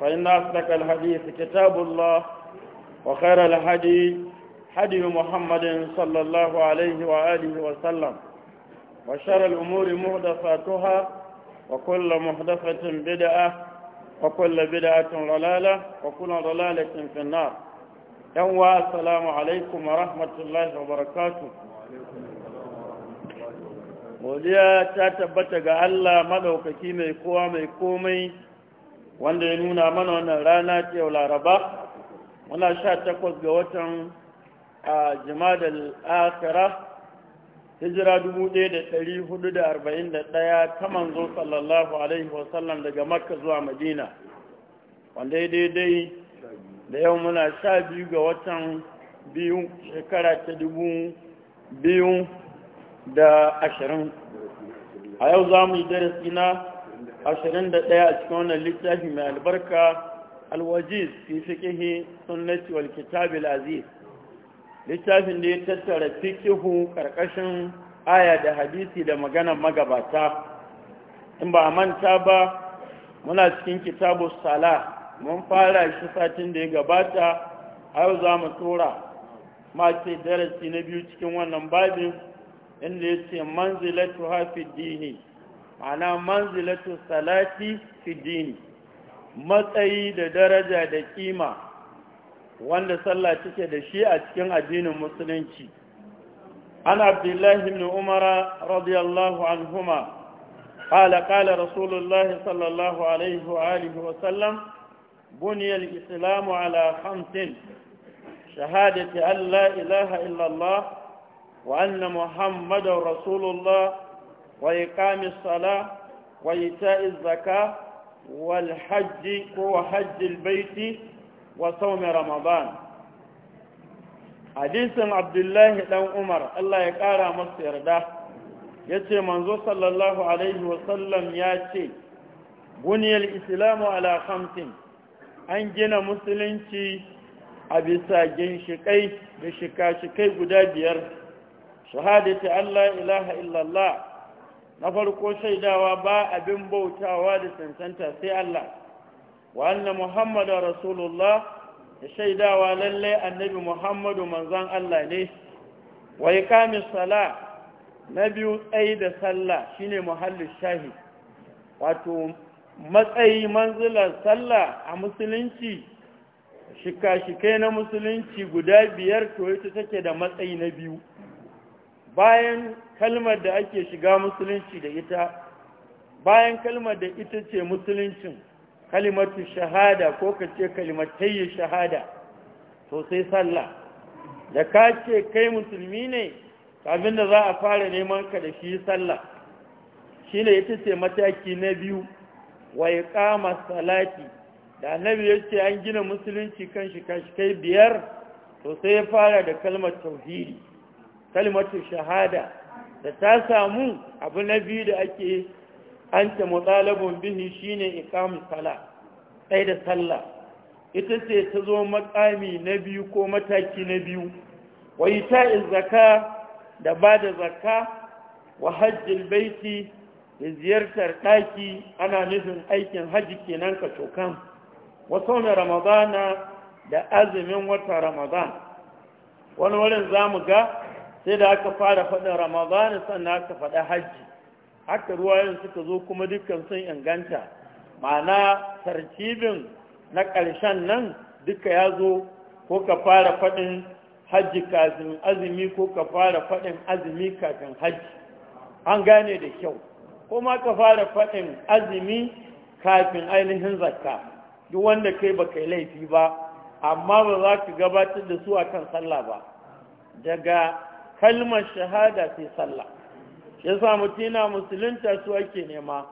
فإن أصدق الحديث كتاب الله وخير الهدي هدي محمد صلى الله عليه وآله وسلم وشر الأمور محدثاتها وكل محدثة بدعة وكل بدعة ضلالة وكل ضلالة في النار يوم السلام عليكم ورحمة الله وبركاته godiya ta tabbata ga Allah madaukaki mai kowa mai komai wanda ya nuna mana wannan rana ta yau laraba muna sha takwas ga watan a jimadar akira hijira 1441 ta manzo sallallahu alaihi wasallam daga makka zuwa madina wanda ya daidai da yau muna sha biyu ga watan biyu shekara ta dubu biyu da ashirin a yau za mu yi darasi na ashirin da ɗaya a cikin wannan littafi mai albarka alwajiz fi sun sunnati wal kitabi aziz littafin da ya tattara fikihu, ƙarƙashin aya da hadisi da magana magabata in ba a manta ba muna cikin kitabu sala mun fara shi satin da ya gabata a yau za mu tura ma ce darasi na biyu cikin wannan babin inda ya ce manzilatu hafi dini ma'ana manzilatu salati fi dini matsayi da daraja da kima wanda sallah take da shi a cikin addinin musulunci an abdullahi ibn umara radiyallahu anhuma قال قال رسول الله صلى الله عليه وآله وسلم بني الإسلام على خمس شهادة أن لا إله إلا الله وأن محمد رسول الله وإقام الصلاة وإيتاء الزكاة والحج وحج البيت وصوم رمضان hadisin abdullahi dan umar allah ya ƙara masa yarda ya ce manzo sallallahu alaihi wasallam ya ce buniyar islamu ala an gina musulunci a bisa ginshikai da shika-shikai guda biyar shahadati allah ilaha illallah na farko shaidawa ba abin bautawa da cancanta sai Allah wa anna muhammadu rasulullah da shaidawa lallai annabi muhammadu manzon Allah ne wa iqamis sala na biyu tsayi da sallah shine muhallin shahi wato matsayi manzilar sallah a musulunci shika-shikai na musulunci guda biyar to ita take da matsayi na biyu bayan kalmar da ake shiga musulunci da ita bayan kalmar da ita ce musuluncin kalimatu shahada ko ka ce kalimatai shahada to sai sallah da ka ce kai musulmi ne kafin da za a fara neman ka da shi sallah shi ne ita ce mataki na biyu wai kama salati da annabi ya ce an gina musulunci kan shi kai biyar to sai ya fara da kalmar ta'uhiri, kalimatu shahada da ta samu abu na biyu da ake an ta mutsalabun bihi shine iqam sala ɗai da sallah ita ce ta zo makami na biyu ko mataki na biyu wa ita'il zaka da ba da zaka wa hajjil baiti da ziyartar ɗaki ana nufin aikin hajji kenan ka cokan wasu na ramadana da azumin wata ramadan wani wurin za mu ga sai da aka fara faɗin ramadana sannan aka faɗa hajji haka ruwayen suka zo kuma dukkan sun inganta ma'ana tartibin na ƙarshen nan duka ya zo ko ka fara faɗin hajji kafin azumi ko ka fara faɗin azumi kafin hajji an gane da kyau ko ma ka fara faɗin azumi kafin ainihin zakka duk wanda kai ba kai laifi ba amma ba za ka gabatar da su akan sallah ba daga kalmar shahada sai sallah shi yasa mutum yana musulunta su ake nema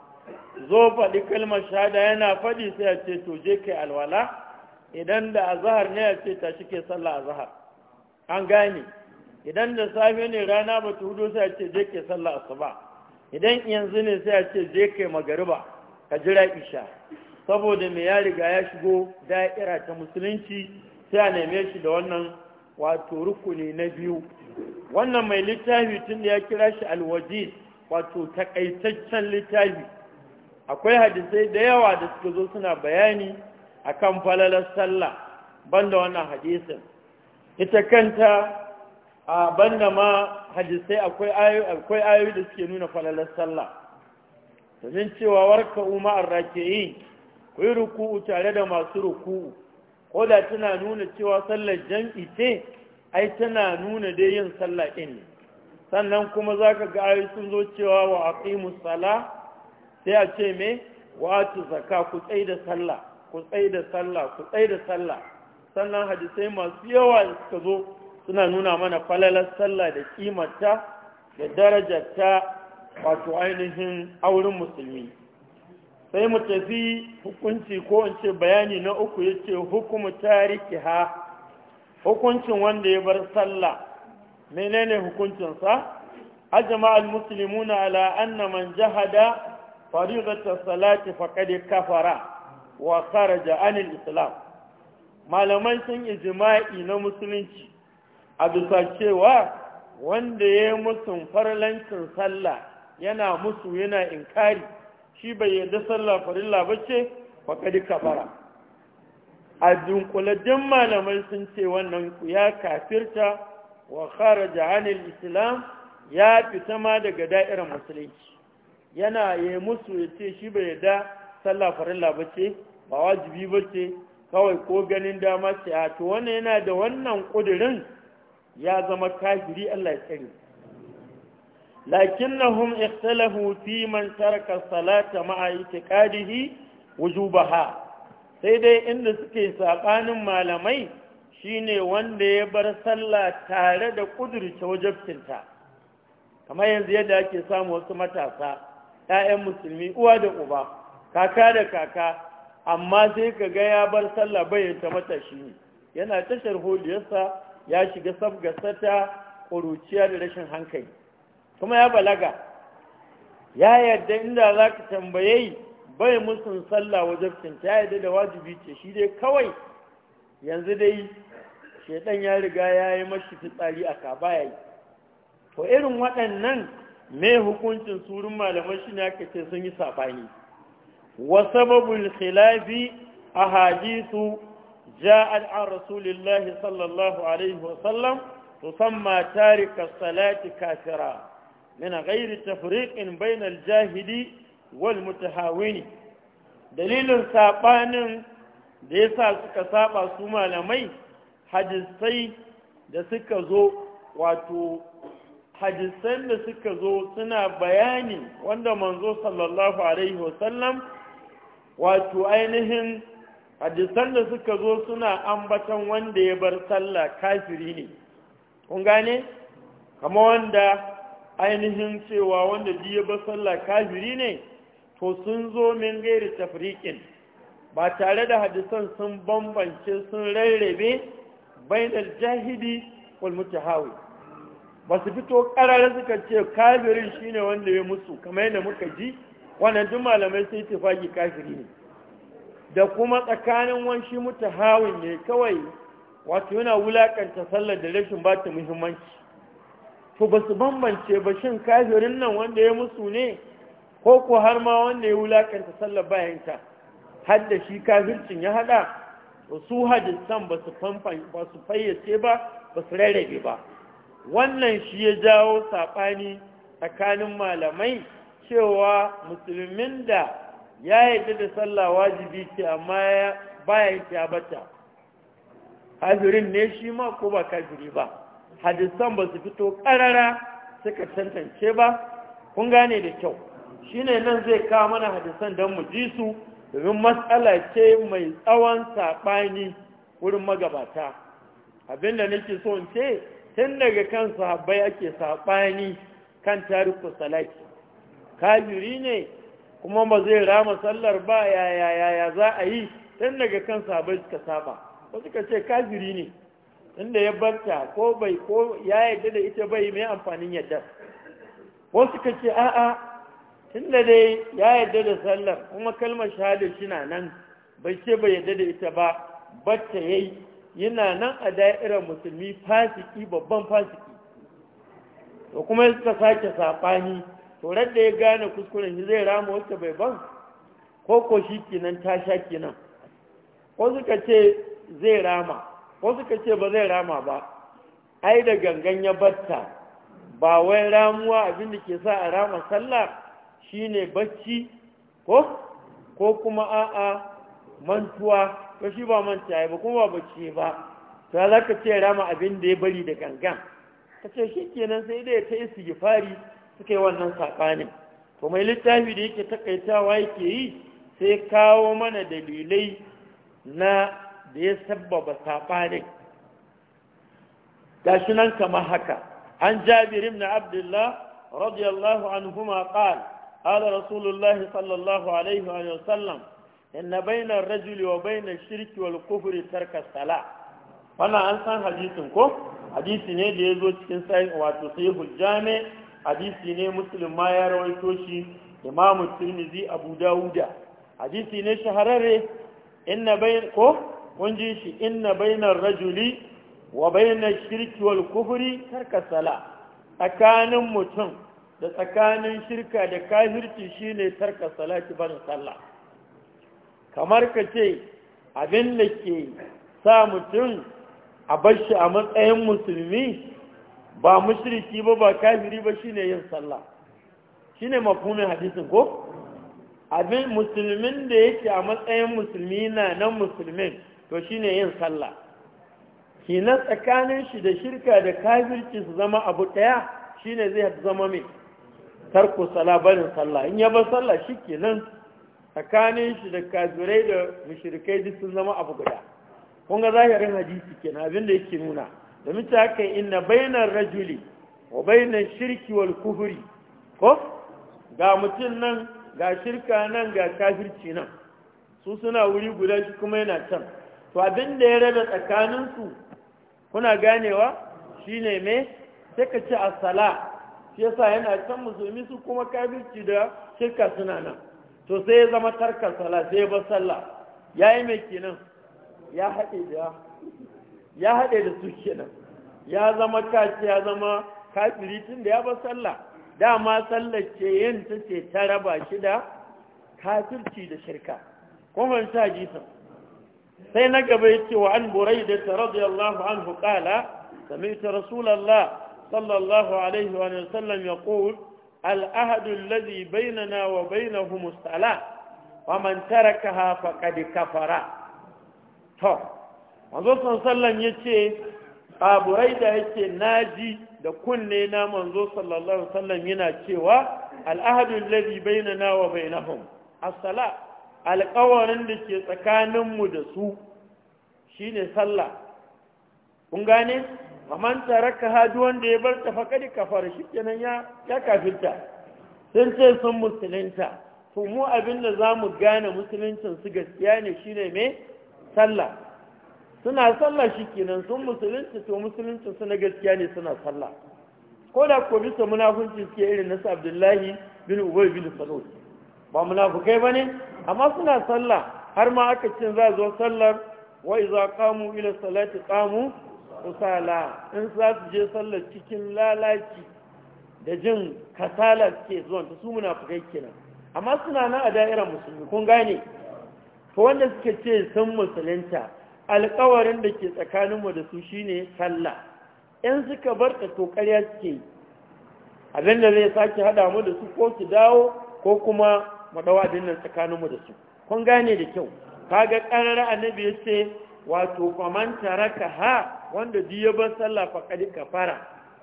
zo faɗi kalmar shahada yana faɗi sai a ce to je kai alwala idan da azahar ne a ce ta shi ke sallah azahar an gane idan da safe ne rana ba ta hudu sai a ce je ke sallah asuba idan yanzu ne sai a ce je kai magariba ka jira isha saboda me ya riga ya shigo da'ira ta musulunci sai a neme shi da wannan wato rukuni na biyu wannan mai littafi tun da ya kira shi alwajiz wato takaitaccen littafi akwai hadisai da yawa da suka zo suna bayani kan falalar sallah banda wannan hadisin ita kanta a banda ma hadisai akwai ayoyi da suke nuna falalar sallah domin cewa warka umar yi ku yi ruku'u tare da masu ruku'u ko tana nuna cewa sallar jam'i ce ai tana nuna dai yin sallah ɗin sannan kuma za ka ga ayi sun zo cewa wa aqimu sala sai a ce me wa atu zaka ku tsai da sallah ku tsai da sallah ku tsai da sallah sannan hadisai masu yawa da suka zo suna nuna mana falalar sallah da kimarta da darajarta wato ainihin auren musulmi sai mu tafi hukunci ko in ce bayani na uku ya ce hukumu tariki ha hukuncin wanda ya bar sallah menene hukuncinsa ajama al-muslimuna ala anna man jahada faridatus salati faqad kafara wa kharaja anil islam malaman sun ijma'i na musulunci a bisa cewa wanda ya musun farlancin sallah yana musu yana inkari shi bai yadda sallah farilla ba ce kadi kabara a dunkule malamai sun ce wannan ya kafirta wa kharaja anil islam ya fita ma daga da'irar musulunci yana ya musu ya ce shi bai yadda sallah farilla ba ce ba wajibi ba ce kawai ko ganin dama ce a to wannan yana da wannan ƙudurin ya zama kafiri Allah ya tsare lakinnahum ikhtalafu fi man taraka salata ma'a itiqadihi wujubaha sai dai inda suke sabanin malamai shine wanda ya bar sallah tare da kudurce wajibcinta kamar yanzu yadda ake samu wasu matasa 'ya'yan musulmi uwa da uba kaka da kaka amma sai ka ga ya bar sallah bayyanta matashi ne yana tashar holiyarsa ya shiga sabgasata ƙuruciya da rashin hankali kuma ya balaga ya yarda inda za ka tambaye bai musun sallah wajabcin ya yarda da wajibi ce shi dai kawai yanzu dai shaidan ya riga ya yi mashi fitsari a kaba ya yi to irin waɗannan mai hukuncin surun malamai shi ne aka ce sun yi saɓani wa sababul khilafi a hadisu ja an rasulillahi sallallahu alaihi wasallam tusamma tarika salati kafira من غير تفريق بين الجاهل والمتهاون دليل سابان da yasa suka saɓa su malamai hadisai da suka zo wato hadisan suka zo suna bayani wanda manzo sallallahu alaihi wasallam wato ainihin hadisan da suka zo suna ambatan wanda ya bar sallah kafiri ne kun gane kama wanda ainihin cewa wanda biya ba sallah kafiri ne to sun zo min gairi tafriqin ba tare da hadisan sun bambance sun rarrabe bainal jahidi wal mutahawi ba su fito karara suka ce kafirin shine wanda ya mutu kamar yadda muka ji wannan duk malamai sai faki kafiri ne da kuma tsakanin wanshi mutahawin ne kawai wato yana wulakanta sallar da rashin ba ta muhimmanci to ba su bambance ba shin kafirin nan wanda ya musu ne ko ko har ma wanda ya wulakanta sallar bayanta har da shi kafircin ya hada su hadisan ba su ba su fayyace ba ba su rarrabe ba wannan shi ya jawo saɓani tsakanin malamai cewa musulmin da ya yarda da sallah wajibi ce amma ya yin ta bata kafirin ne shi ma ko ba kafiri ba hadisan ba su fito ƙarara suka tantance ba kun gane da kyau Shi ne nan zai kawo mana hadisan don mu ji su domin matsala ce mai tsawon saɓani wurin magabata abinda nake so in ce tun daga kan sahabbai ake saɓani kan tariku salaki. kafiri ne kuma ba zai rama sallar ba yaya yaya za a yi tun daga kan sahabbai suka saba wasu ka ce kafiri ne inda ya barta ko bai ko ya yadda da ita bai mai amfanin yadda wasu ka ce a'a tunda dai ya yadda da sallar kuma kalmar shahada shi na nan bai ce bai yadda da ita ba bacce yayi yana nan a da'irar musulmi fasiki babban fasiki to kuma ya suka sake saɓani to da ya gane kuskuren shi zai rama wacce bai ban ko ko shi kenan sha kenan ko suka ce zai rama wasu ka ce ba zai rama ba ai da gangan ya batta ba wai ramuwa abin da ke sa a rama sallah shine bacci ko ko kuma a'a mantuwa ko shi ba manta ba kuma ba bacci ba ta za ka ce rama abin da ya bari da gangan ka ce shi kenan sai dai ta istighfari suka yi wannan saɓanin to mai littafi da yake takaitawa yake yi sai kawo mana dalilai na da ya sabbaba saɓanin gashi nan kamar haka an jabir ibn abdullah radiyallahu anhuma qal qala rasulullahi sallallahu alaihi wa sallam inna bayna ar-rajuli wa bayna ash-shirki wal kufri tarka salah wannan an san hadisin ko hadisi ne da yazo cikin sahih wato sahihul jami hadisi ne muslim ma ya rawaito shi imam tirmidhi abu dauda hadisi ne shahararre inna bayn ko kun ji shi inna bainar rajuli wa bainar shirki wal kufri tarka sala tsakanin mutum da tsakanin shirka da kafirci shine tarka salati ban sallah kamar ka ce abin da ke sa mutum a bashi a matsayin musulmi ba mushriki ba ba kafiri ba shine yin sallah shine mafhumin hadisin ko abin musulmin da yake a matsayin musulmi na nan musulmin to shi ne yin sallah na tsakanin shi da shirka da kafirci su zama abu ɗaya shi ne zai zama mai tarko sala barin sallah in ya ba sallah nan tsakanin shi da kafirai da mushrikai duk sun zama abu guda kun ga zahirin hadisi kenan abin da yake nuna da mace haka inna bainar rajuli wa bainar shirki wal kuhuri ko ga mutum nan ga shirka nan ga kafirci nan su suna wuri guda shi kuma yana can to abin da ya raba tsakaninsu kuna ganewa shine me sai ka ci asala shi yasa yana can musulmi su kuma kafirci da shirka suna nan to sai ya zama tarkar sala sai ba sallah yayi mai kenan ya haɗe da ya haɗe da su kenan ya zama kaci ya zama kafiri tun da ya ba sallah dama sallar ce yin ta ce ta raba shi da kafirci da shirka kuma ta jisan sai na gaba yake wa an buraida ta anhu qala سمعت رسول الله صلى الله عليه وسلم يقول الأهد الذي بيننا وبينهم الصلاة ومن تركها فقد كفر to manzo ya yace a da yake naji da kunne na manzo sallallahu alaihi wasallam yana cewa al'ahadu alladhi bainana wa bainahum as-salat alƙawarin da ke tsakaninmu da su shine sallah kun gane manta raka hadu wanda ya bar ta faƙari kafar shi kenan ya ya sun ce sun musulunta to mu abin da za mu gane musuluncin su gaskiya ne shi ne mai sallah suna sallah shi kenan sun musulinta to musuluncin su na gaskiya ne suna sallah ko da ko bisa munafunci suke irin nasu abdullahi bin ubay bin ba munafukai ba ne amma suna sallah har ma aka cin za zo sallar wa iza qamu ila salati qamu usala in za su je sallar cikin lalaci da jin kasala suke zuwan ta su munafukai kenan amma suna nan a da'irar musulmi kun gane to wanda suka ce sun musulunta alkawarin da ke tsakanin mu da su shine sallah in suka bar ta to suke abinda zai sake hada mu da su ko su dawo ko kuma mu dawo abin nan tsakaninmu da su kun gane da kyau kaga ƙarar annabi ya ce wato kwaman taraka ha wanda duk ya bar sallah kadi kafara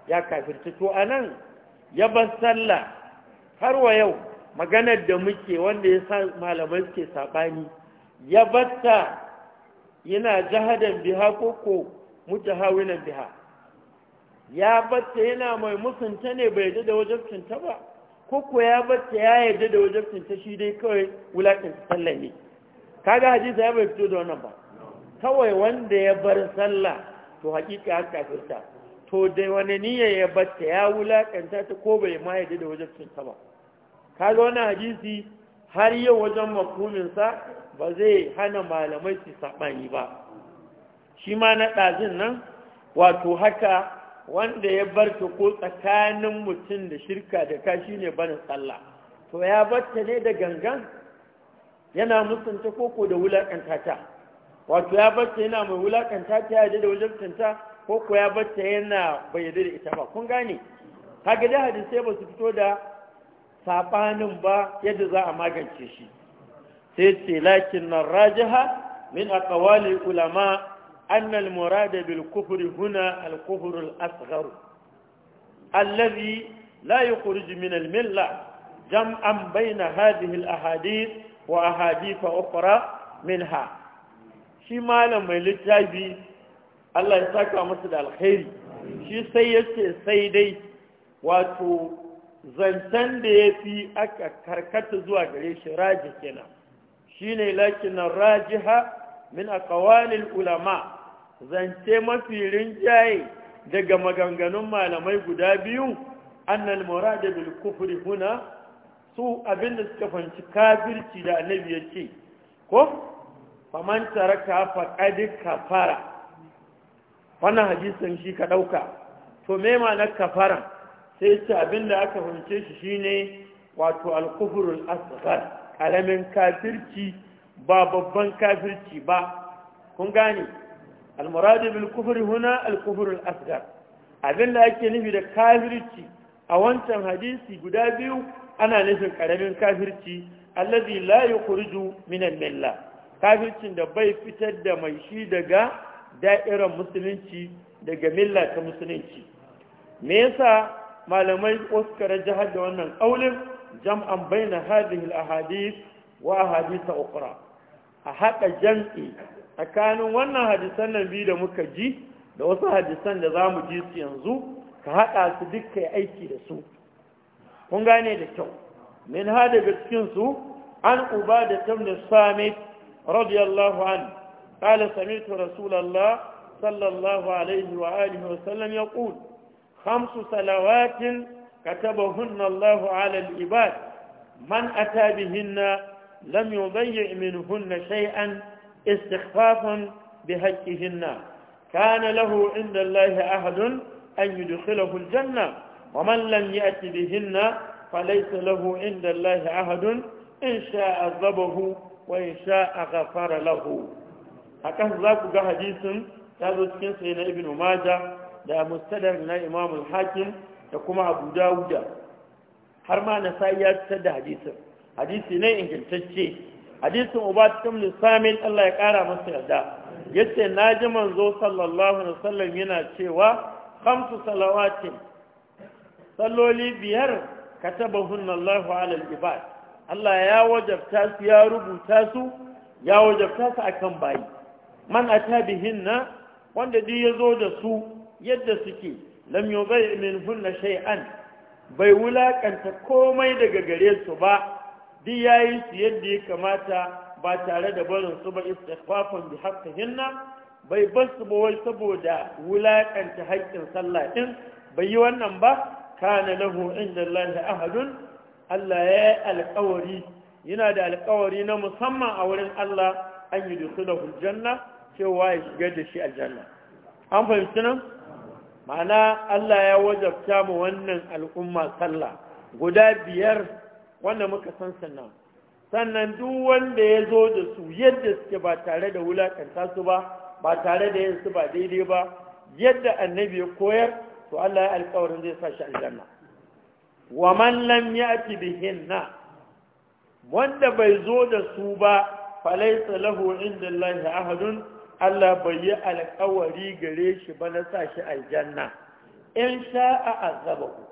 ya kafirce to a nan ya bar sallah har wa yau maganar da muke wanda ya sa malamai suke saɓani ya batta yana jahadan biha ko ko mutahawinan biha ya batta yana mai musunta ne bai da cinta ba ko ko ya bata ya yarda da wajabcin ta shi dai kawai wulakin sallah ne kaga hadisi ya bai fito da wannan ba kawai wanda ya bar sallah to hakika ya kafirta to da wani niyya ya bata ya wulakanta ta ko bai ma yarda da wajabcin ta ba kaga wannan hadisi har yau wajen makumin sa ba zai hana malamai su sabani ba shi ma na dazin nan wato haka wanda ya bar ta ko tsakanin mutum da shirka da kashi shi ne barin tsalla, to ya barta ne da gangan yana mutunta koko da wulakanta ta wato ya barta yana mai wulakanta ta yaje da wajabtanta koko ya barta yana bai da ita ba kun gane kaga da hadisai ba su fito da saɓanin ba yadda za a magance shi sai ce lakin nan min aqwali ulama أن المراد بالكفر هنا الكفر الأصغر الذي لا يخرج من الملة جمعا بين هذه الأحاديث وأحاديث أخرى منها شما لما لتابي الله يساك مسد الخير shi sai ya ce sai dai wato zancen da ya fi aka karkata zuwa gare shi raji kenan shi ne lakinan rajiha min akawalin ulama zance mafi rinjaye daga maganganun malamai guda biyu annal murade bil kufri huna su abinda suka fanci kafirci da annabi ya ce ko faman taraka faqad kafara wannan hadisin shi ka dauka to me ma'anar kafara sai ce abinda aka fahimce shi shine wato al al asghar karamin kafirci ba babban kafirci ba kun gane almuradu bil kufri huna al kufru al abin da ake nufi da kafirci a wancan hadisi guda biyu ana nufin ƙaramin kafirci allazi la yukhruju min al milla kafircin da bai fitar da mai shi daga da'irar musulunci da milla ta musulunci me yasa malamai oskara jihar da wannan kaulin jam'an baina hadhihi al ahadith wa ahadith ukhra a haɗa jam'i tsakanin wannan hadisan nan biyu da muka ji da wasu hadisan da za mu ji su yanzu ka haɗa su duk aiki da su kun gane da kyau min ha daga cikinsu an uba da tamni samit radiyallahu an قال سمعت رسول الله صلى الله عليه وآله وسلم يقول خمس صلوات استخفافا بحقهن كان له عند الله أحد أن يدخله الجنة ومن لم يأت بهن فليس له عند الله أحد إن شاء عذبه وإن شاء غفر له هكذا ذاك حديث هذا كان سيدنا ابن ماجه da mustadar na imamul hakim da kuma abu dawuda har ma na sai ya fitar da hadisin hadisi ne ingantacce hadisin uba cikin lissamin Allah ya kara masa yarda yace naji manzo sallallahu alaihi wasallam yana cewa khamsu salawatin salloli biyar katabahunna Allahu ala al-ibad Allah ya wajabta su ya rubuta su ya wajabta su akan bayi man atabihinna wanda duk yazo da su yadda suke lam yubai minhunna shay'an bai wulakanta komai daga gare su ba duk ya yi su yadda ya kamata ba tare da barin su ba istighfafan bi hinna bai bar su ba wai saboda wulakanta haƙƙin sallah din bai yi wannan ba kana lahu inda Allah ahadun Allah ya yi alƙawari yana da alƙawari na musamman a wurin Allah an yi dusulahu janna cewa ya shiga da shi aljanna an fahimci nan ma'ana Allah ya wajabta mu wannan al'umma sallah guda biyar wanda muka san sannan sannan duk wanda ya zo da su yadda suke ba tare da wulakanta su ba ba tare da yin ba daidai ba yadda annabi ya koyar to Allah ya alƙawarin zai sa shi aljanna wa man lam ya'ti bihinna wanda bai zo da su ba falaysa lahu inda ahadun Allah bai yi alƙawari gare shi ba na sa shi aljanna in sha'a azabahu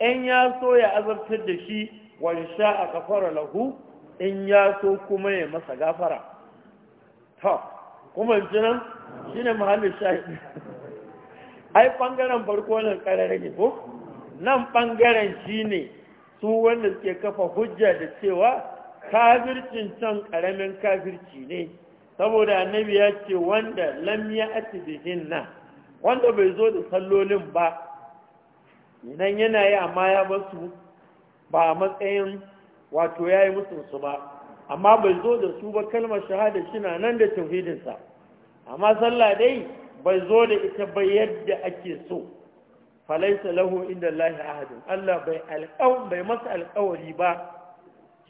in ya so ya azabtar da shi wansha a kafara lahu in ya so kuma ya masa gafara Ta kuma jinan shi ne mahallin shahidi ai ɓangaren farko nan ƙarare ne ko nan ɓangaren shi ne su wanda suke kafa hujja da cewa kafircin can ƙaramin kafirci ne saboda annabi ya ce wanda lam ya ati bihin nan wanda bai zo da sallolin ba nan yana yi amma ya basu ba a matsayin wato ya yi mutunsu ba amma bai zo da su ba kalmar shahada shina nan da tauhidinsa amma sallah dai bai zo da ita ba yadda ake so falaisa lahu inda lahi ahadin Allah bai masa alƙawari ba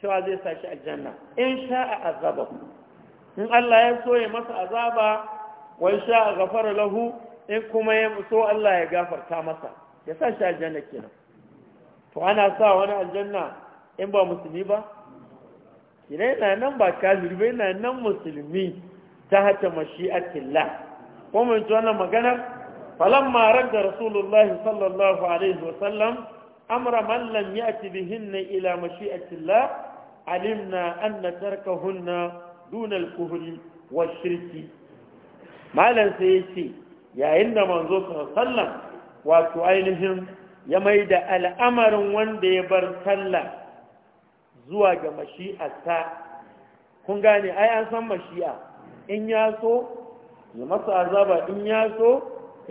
cewa zai sa shi aljanna in sha'a azaba in Allah ya so ya masa azaba wa sha'a gafara lahu in kuma ya so Allah ya gafarta masa ya sa shi aljanna kenan to ana sa wani aljanna in ba musulmi ba idan na nan ba kafiri ba yana nan musulmi ta hata mashi'atillah ko mun ji wannan maganar falamma radda rasulullah sallallahu alaihi sallam, amra man lam ya'ti bihinna ila mashi'atillah alimna anna tarkahunna duna al-kuhri wa shirki malan sai yace yayin da manzo sallallahu alaihi wasallam wato ainihin ya mai da al'amarin wanda ya bar sallah zuwa ga mashi'arta kun gane ai an san mashi'a in ya so ya masa azaba in ya so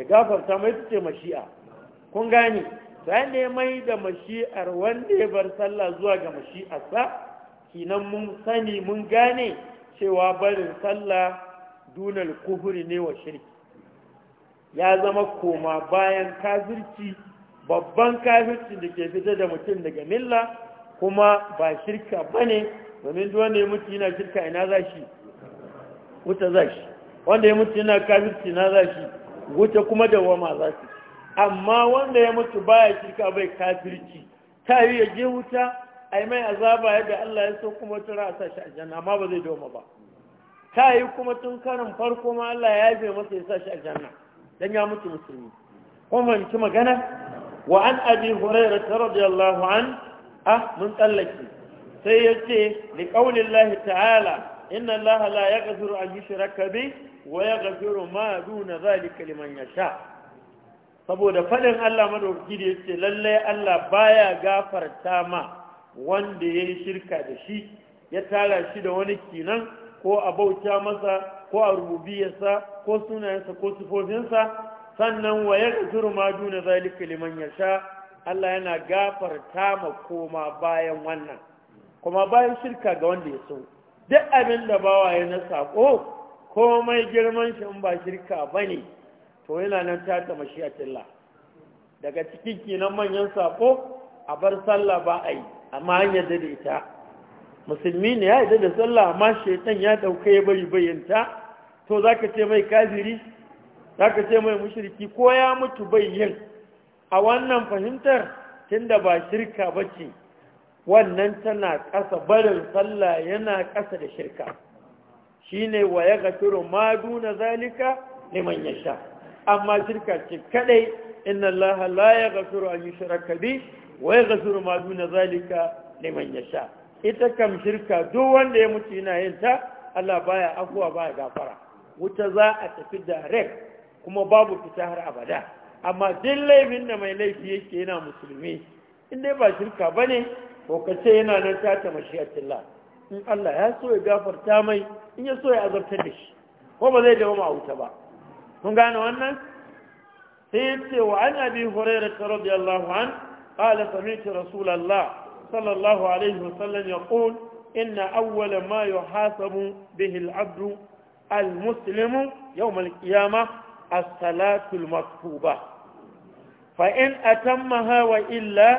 ya gafarta mai su ce mashi'a kun gane ta ne mai da mashi'ar wanda ya bar sallah zuwa ga mashi'arsa kinan mun sani mun gane cewa barin sallah dunal kufuri ne wa shirki ya zama koma bayan kazirci babban kafircin da ke fitar da mutum daga milla kuma ba shirka ba ne domin duk wanda ya mutu yana shirka ina za shi wuta za shi wanda ya mutu yana kafirci na za shi wuta kuma da wama za shi amma wanda ya mutu ba ya shirka bai kafirci ta yi ya je wuta A yi mai azaba yadda Allah ya so kuma wata ra'a sa shi aljanna amma ba zai doma ba ta yi kuma tun karin farko ma Allah ya yabe masa ya sa shi aljanna don ya mutu musulmi kuma ki magana wa an abi hurairah radiyallahu an ah mun tsallake sai yace li lahi ta'ala inna allaha la yaghfiru an yushraka bi wa yaghfiru ma duna zalika liman yasha saboda fadin Allah madaukaki da yace lallai Allah baya gafarta ma wanda ya yayi shirka da shi ya tara shi da wani kinan ko a bauta masa ko a rububiyarsa ko sunayensa ko sifofinsa sannan wa yaghfiru ma duna zalika liman yasha Allah yana gafarta ma koma bayan wannan kuma bayan shirka ga wanda ya so duk abin da bawa ya na sako komai girman shi in ba shirka bane to yana nan ta kama shi Allah daga cikin kinan manyan sako a bar sallah ba a yi amma an yadda da ita musulmi ne ya yadda da sallah amma shaitan ya dauka ya bari bayyanta to zaka ce mai kafiri zaka ce mai mushriki ko ya mutu bai yin a wannan fahimtar tunda ba shirka bace wannan tana ƙasa barin sallah yana ƙasa da shirka shine wa ya gafiru ma duna zalika liman yasha amma shirka ce kadai inna Allah la yaghfiru an yushraka bi wa yaghfiru ma duna zalika liman yasha ita kam shirka duk wanda ya mutu yana yin ta Allah baya afuwa baya gafara wuta za a tafi direct kuma babu fita har abada amma duk laifin da mai laifi yake yana musulmi in dai ba shirka ba ne ko ka ce yana nan tata mashiyatillah in Allah ya so ya gafarta mai in ya so ya azabtar da shi ko ba zai dawo wuta ba kun gane wannan sai ya ce wa an abi hurairah radiyallahu an qala sami'tu rasulullah sallallahu alaihi wasallam yaqul inna awwala ma yuhasabu bihi al-'abdu al-muslimu yawm al-qiyamah as-salatul maktuba fa in atammaha wa illa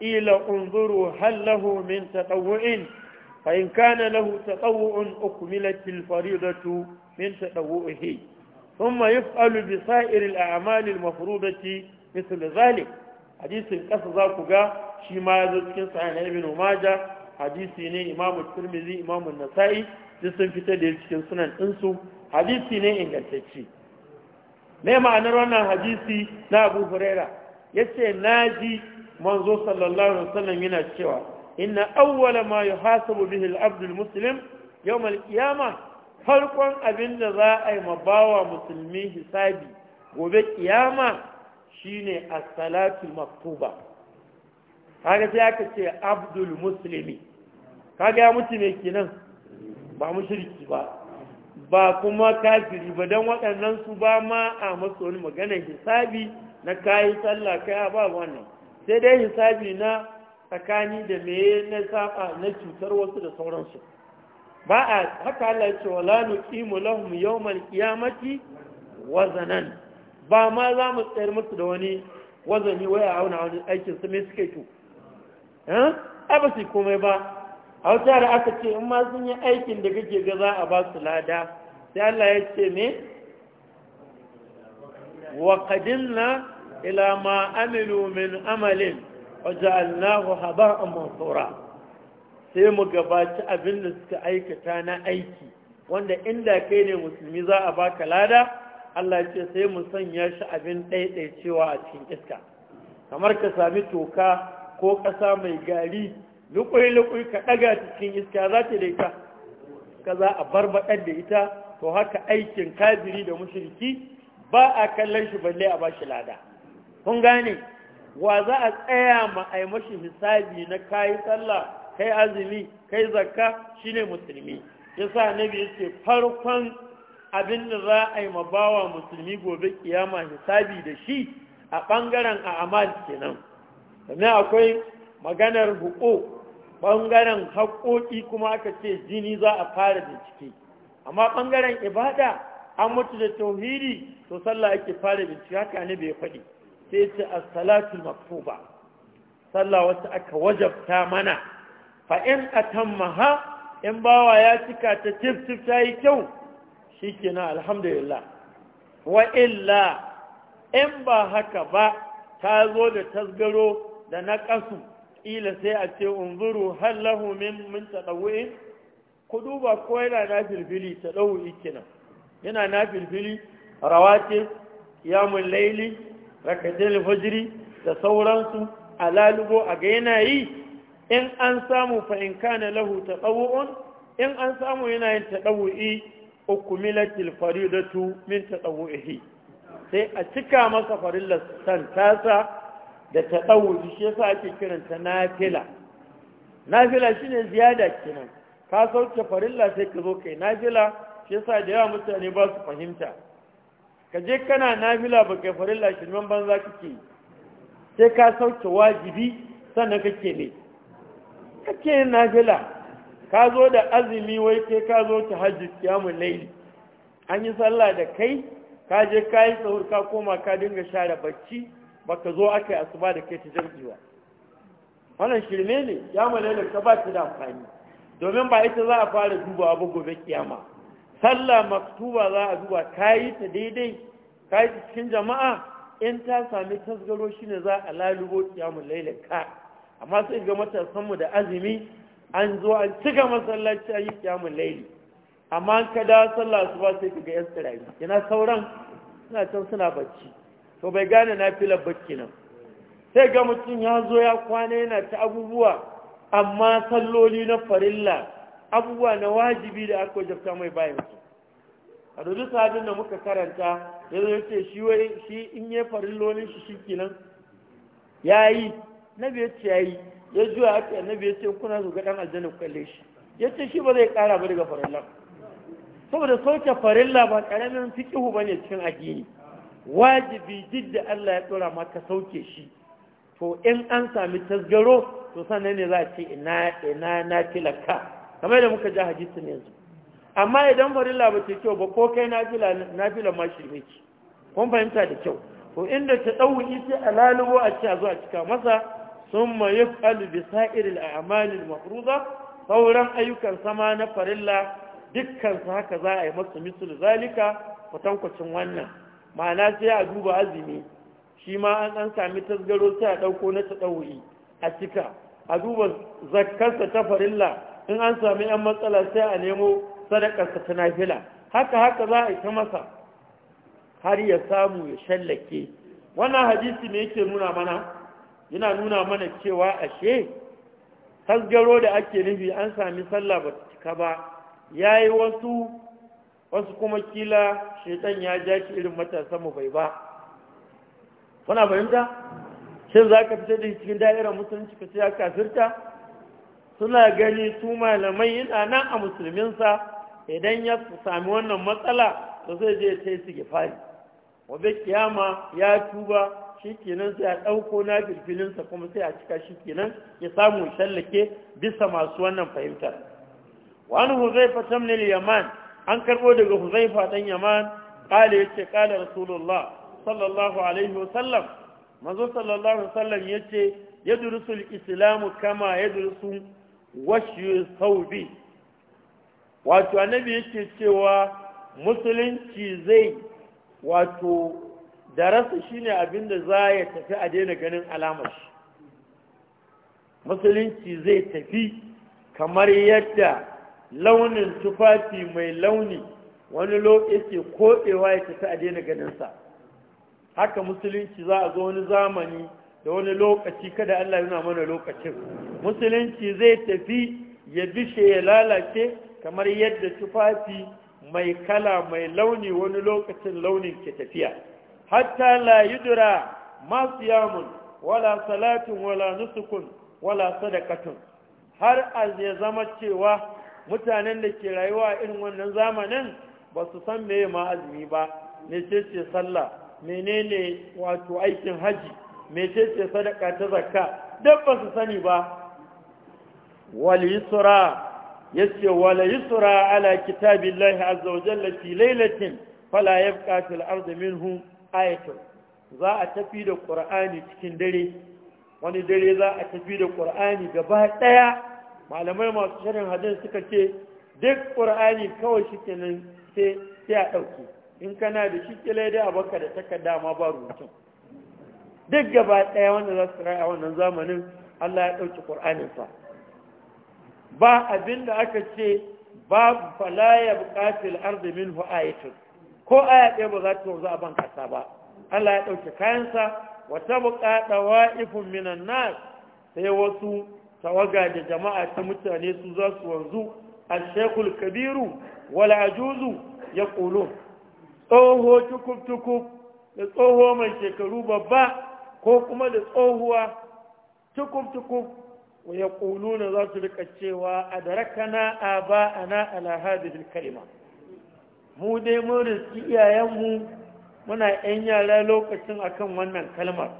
ila unzuru hal lahu min tatawwu'in fa in kana lahu tatawwu'un ukmilat al-fariidatu min tatawwu'ihi thumma yaf'alu bi sa'iri al-a'mal al-mafrudati misl dhalik hadisin kasa za ku ga shi ma ya zo cikin sahih ibn majah hadisi ne imamu tirmidhi imamu nasa'i duk sun fita da cikin sunan ɗinsu hadisi ne ingantacce ne ma'anar wannan hadisi na abu huraira ya ce na ji manzo sallallahu alaihi wasallam yana cewa inna awwala ma yuhasabu bihi al-abdu al-muslim yawm al farkon abin da za a yi mabawa musulmi hisabi gobe kiyama shine as-salatu maktuba kaga sai aka ce abdul muslimi kaga ya mutu kenan ba mushriki ba ba kuma kafiri ba don waɗannan su ba ma a masu wani magana hisabi na kayi sallah kai ba wannan sai dai hisabi na tsakani da me na safa na cutar wasu da sauransu ba a haka Allah ya ce wala nuqimu lahum yawmal qiyamati wazanan ba ma za mu tsayar musu da wani wazani waya auna wani aikin su me suke to eh ba su komai ba a da aka ce in ma sun yi aikin da kake ga za a ba su lada sai Allah ya ce me wa qadimna ila ma amilu min amalin wa ja'alnahu haba'an mansura sai mu gabaci abin da suka aikata na aiki wanda inda kai ne musulmi za a baka lada Allah ya ce sai mu sanya shi abin ɗaiɗaicewa a cikin iska kamar ka sami toka ko ƙasa mai gari lukwai-lukwai ka ɗaga cikin iska za ta da ita ka za a barbaɗar da ita to haka aikin kaziri da mushiriki ba a kallon shi balle a bashi lada kun gane wa za a tsaya ma a yi mashi hisabi na kayi sallah kai azumi kai zakka shine musulmi yasa nabi yake farkon abin da za a yi ma bawa musulmi gobe kiyama hisabi da shi a ɓangaren a amal kenan sannan akwai maganar huko ɓangaren haƙoƙi kuma aka ce jini za a fara bincike amma ɓangaren ibada an mutu da tauhidi to sallah ake fara bincike haka ne bai faɗi sai ce a salatul maktuba sallah wacce aka wajabta mana fa in maha in bawa ya cika ta tif tif ta yi kyau shikenan alhamdulillah wa illa in ba haka ba ta zo da tasgaro da na naƙasu ƙila sai a ce unzuru har min min taɗawu'in ku duba ko yana na filfili taɗawu'i kenan yana na filfili rawace yamun laili rakatil fajiri da sauransu a lalubo a ga yana yi in an samu fa'inka na lahu taɗawu'un in an samu yana yin taɗawu'i ukumilatil faridatu min taɗawu'ihi sai a cika masa farillar santasa da ɗau shi yasa ake kiranta nafila nafila shine ziyada kenan ka sauke farilla sai ka zo kai nafila shi yasa da yawa mutane ba su fahimta ka je kana nafila ba kai farilla shi man banza kake sai ka sauke wajibi sannan kake ne kake yin nafila ka zo da azumi wai kai ka zo ta hajji kiyamun laili an yi sallah da kai ka je ka yi sahur ka koma ka dinga share bacci baka zo aka yi asuba da kai ta jirgiwa wannan shirme ne ya malalar ta ba ta da amfani domin ba ita za a fara duba ba gobe kiyama sallah maktuba za a duba yi ta daidai kayi ta cikin jama'a in ta sami tasgaro ne za a lalubo kiyamul lailan ka amma sai ga matasan mu da azumi an zo an cika masallaci ayi kiyamul laili amma ka da sallah su ba sai ka ga yan tsirari ina sauran suna can suna bacci to bai gane na fila nan sai ga mutum ya zo ya kwana yana ta abubuwa amma salloli na farilla abubuwa na wajibi da aka jafta mai bayan su a dudu sabin da muka karanta ya zo ce shi shi in yi farillolin shi shi kinan ya yi na biya ce ya yi ya a haka na biya ce kuna zo ɗan aljanu kalle shi ya ce shi ba zai kara ba daga farilla saboda sauke farilla ba karamin ba ne cikin addini wajibi duk da Allah ya tsora maka sauke shi to in an sami tasgaro to sannan ne za a ce ina ina na tilaka kamar da muka ji ne yanzu amma idan farilla ba ce kyau ba ko kai na fila ma ne ce kun fahimta da kyau to inda ta ɗauki sai a a ce a zo a cika masa summa yaf'alu bi sa'iril a'malil mafruza sauran ayyukan sama na farilla dukkan su haka za a yi masa mislu zalika kwatankwacin wannan ma'ana sai a duba azumi shi ma an an sami tasgaro sai a ɗauko na ɗauri a cika a duba zakkarsa ta farilla in an sami yan matsala sai a nemo sadakarsa ta nafila haka haka za a yi ta masa har ya samu ya shallake wannan hadisi me yake nuna mana yana nuna mana cewa ashe tasgaro da ake nufi an sami sallah ba ta cika ba ya yi wasu wasu kuma kila shaitan ya ja ki irin matasan mu bai ba kuna fahimta shin za ka fitar da cikin da'irar musulunci ka ya kafirta suna gani su malamai yana nan a musulminsa idan ya sami wannan matsala da zai je sai su gifari wabe kiyama ya tuba shi kenan sai a ɗauko na firfilinsa kuma sai a cika shi kenan ya samu shallake bisa masu wannan fahimtar wani fatan ne yaman an karbo daga huzaifa dan yaman kale yace kala rasulullah sallallahu alaihi wasallam manzo sallallahu alaihi wasallam yace yadrusul islamu kama yadrusu washu thawbi wato annabi yake cewa musulunci zai wato darasa shine abinda za ya tafi a daina ganin alamar shi musulunci zai tafi kamar yadda launin tufafi mai launi wani lokaci koɗewa ya tafi a daina ganinsa haka musulunci za a zo wani zamani da wani lokaci kada Allah yana mana lokacin musulunci zai tafi ya bishe ya lalace kamar yadda tufafi mai kala mai launi wani lokacin launin ke tafiya hatta la yudra ma siyamun wala salatin wala nusukun wala sadakatun har az ya zama cewa mutanen da ke rayuwa irin wannan zamanin ba su san meye ma azumi ba mecece sallah menene wato aikin haji mecece sadaka ta zakka duk ba su sani ba wal yusra yace wal yusra ala kitabillahi azza wa jalla fi lailatin fala yabqa fil ardi minhu ayatu za a tafi da qur'ani cikin dare wani dare za a tafi da qur'ani gaba daya malamai masu shirin hadin suka ce duk ƙur'ani kawai shi nan sai a ɗauke in kana da shi ke laidai a baka da takarda ma ba rubutun duk gaba ɗaya wanda za su raya wannan zamanin Allah ya ɗauki ƙur'aninsa ba abin da aka ce babu falaya buƙatil arzimin min ko aya ɗaya ba za ta wanzu a ban ƙasa ba Allah ya ɗauki kayansa wata buƙaɗa wa'ifun minan nas sai wasu tawaga da jama'a ta mutane su za su wanzu ashekul kabiru wala ajuzu ya ƙulu tsoho tukub-tukub da tsoho mai shekaru babba ko kuma da tsohuwa tukub wa ya ƙulu na za su rika cewa a ana, a ba'ana alhadidin kalima mu dai mun riski iyayenmu muna 'yan yara lokacin akan wannan kalmar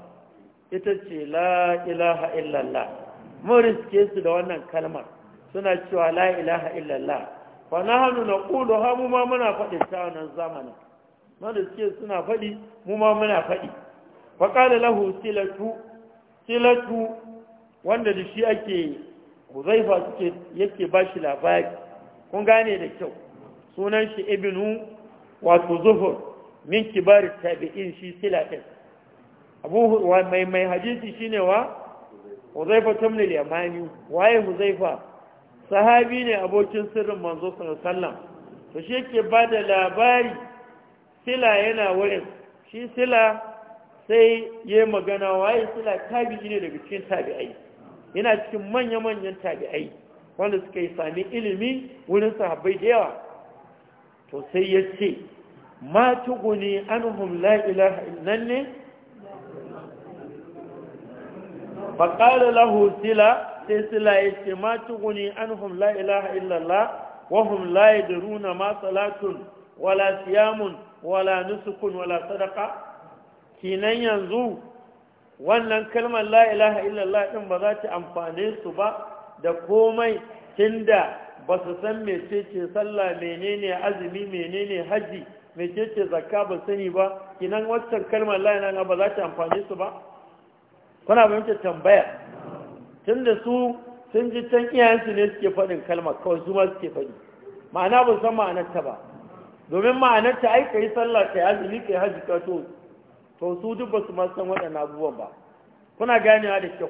ita ce la ilaha illallah mun riske su da wannan kalmar suna cewa la ilaha illallah fa nahnu naqulu ha mu ma muna faɗi ta wannan zamanin mun riske suna faɗi mu ma muna faɗi fa qala lahu silatu silatu wanda da shi ake huzaifa suke yake bashi labari kun gane da kyau sunan shi ibnu wato zuhur min kibar tabi'in shi sila abu wa mai mai hadisi shine wa huzaifa tamnil yamani waye huzaifa sahabi ne abokin sirrin manzo sallam. to shi yake ba da labari sila yana wurin shi sila sai ya magana waye sila tabi'i ne daga cikin tabi'ai yana cikin manya-manyan tabi'ai wanda suka yi sami ilimi wurin sahabbai da yawa to sai ya ce ma tuguni anhum la ilaha illallah faƙaɗa lahusila sai sila ya ce ma tuguni an hum La'ilaha illallah wa hum la yadruna ma salatun wala siyamun wala nusukun wala sadaka kinan yanzu wannan kalmar La'ilaha illallah ɗin ba za ta amfane su ba da komai tunda ba su san mecece sallah menene azumi menene haji mecece zakka ba sani ba kinan waccan kalmar La'ilaha ilaha ba za ta amfane su ba kuna fahimta tambaya tun da su sun ji can iyayensu ne suke faɗin kalma, kawai su ma suke faɗi ma'ana ba san ma'anarta ba domin ma'anarta ai ka yi sallah ka azumi ka yi ka to to su duk ba su ma san waɗannan abubuwan ba kuna ganewa da kyau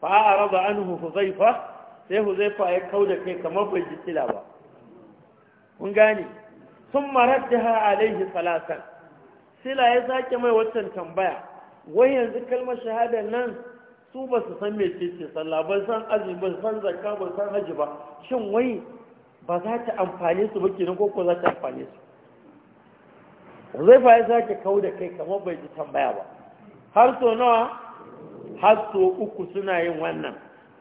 fa a raba anhu huzaifa sai huzaifa ya kau da kai kamar bai ji sila ba kun gane sun marar da alaihi salasan sila ya sake mai wancan tambaya wai yanzu kalmar shahada nan su ba su san mai ce sallah ban san aji ban san zakka ban san haji ba shin wai ba za ta amfane su ba kenan ko za ta amfane su zai fa ya ke kawo da kai kamar bai ji tambaya ba har so nawa har so uku suna yin wannan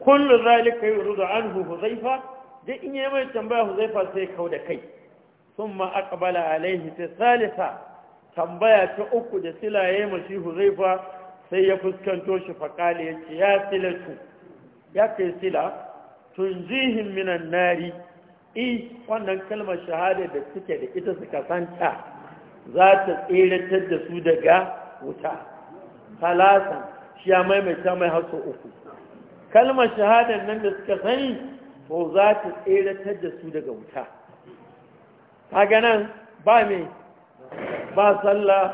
kullu zalika yuridu anhu huzaifa da in yi mai tambaya huzaifa sai kawo da kai summa aqbala alaihi ta salisa tambaya ta uku da sila ya yi huzaifa sai ya fuskanto shi faƙali ya ce ya sila su ya kai sila tunjihin minan nari i wannan kalmar shahada da suke da ita suka santa za ta tseratar da su daga wuta talasan shi ya maimaita mai haso uku kalmar shahada nan da suka sani ko za ta tseratar da su daga wuta kaga nan ba mai ba sallah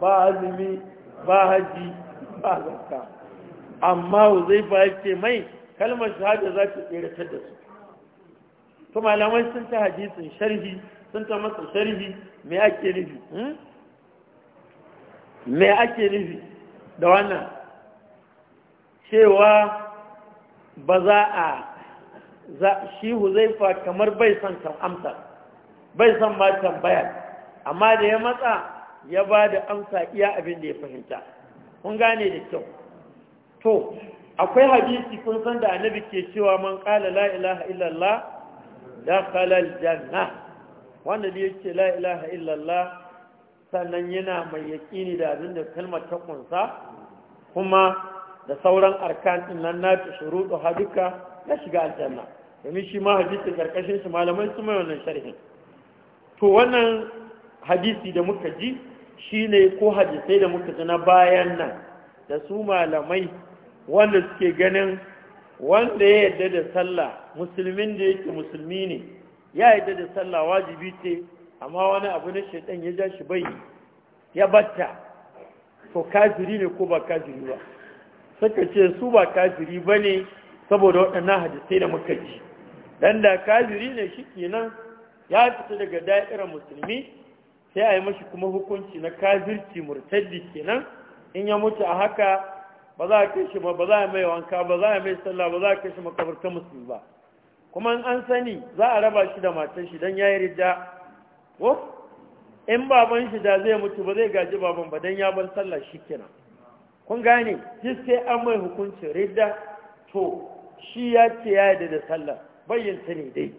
ba azumi ba haji ba zakka amma ba yake mai kalmar shahada za ta tseratar da su to malaman sun ta hadisin sharhi sun ta masa sharhi me ake nufi hmm? me ake nufi da wannan cewa ba za a shi huzaifa kamar bai son amsa bai son ma tambaya amma da ya matsa ya ba da amsa iya abin da ya fahimta kun gane da kyau to akwai hadisi kun san da annabi ke cewa man qala la ilaha illallah dakhala aljanna wanda da yake la ilaha illallah sannan yana mai yaƙini da abin da kalmar ta kunsa kuma da sauran arkan din nan na ta shuruɗu da ya shiga aljanna domin shi ma hadisi karkashin shi malamai su mai wannan sharhin to wannan hadisi da muka ji shine ko hadisai da muka ji na bayan nan da su malamai wanda suke ganin wanda ya yarda da sallah musulmin da yake musulmi ne ya yarda da sallah wajibi ce amma wani abu na shaitan ya ja shi bai ya batta to kafiri ne ko ba kafiri ba suka ce su ba kafiri ba ne saboda waɗannan hadisai da muka ji dan da kafiri ne shi kenan ya fita daga da'irar musulmi sai a yi mashi kuma hukunci na kafirci murtaddi kenan in ya mutu a haka ba za a kai shi ba za a mai wanka ba za a mai sallah ba za a kai shi makabarta musulmi ba kuma in an sani za a raba shi da matan shi don ya ridda ko in baban shi da zai mutu ba zai gaji baban ba dan ya bar sallah shi kenan kun gane shi sai an mai hukuncin ridda to shi ya ce ya yi da sallah bayyanta ne dai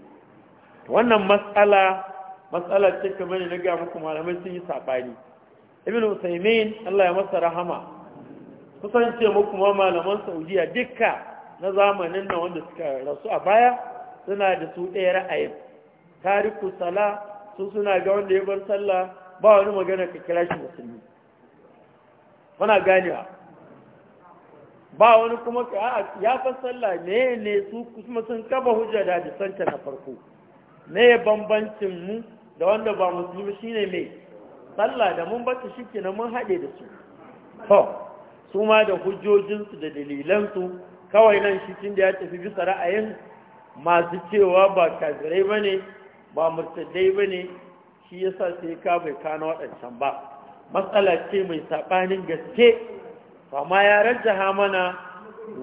wannan matsala matsalar ce kamar na ga muku malamai sun yi saɓani ibn usaimin allah ya masa rahama kusan ce muku ma malaman saudiya dukka na zamanin nan wanda suka rasu a baya suna da su ɗaya ra'ayin tariku sala su suna ga wanda ya bar sallah ba wani magana ka kira shi musulmi muna ganewa ba wani kuma ya fa sallah ne ne su kuma sun kaba hujja da santa na farko ne bambancin mu da wanda ba musulmi shine mai sallah da mun bata shi kenan mun haɗe da su to su ma da hujjojinsu da dalilansu kawai nan shi tun da ya tafi bisa ra'ayin masu cewa ba kafirai ba ne ba murtadai ba ne shi ya sa sai ka bai kana waɗancan ba matsala ce mai saɓanin gaske amma ya rajaha mana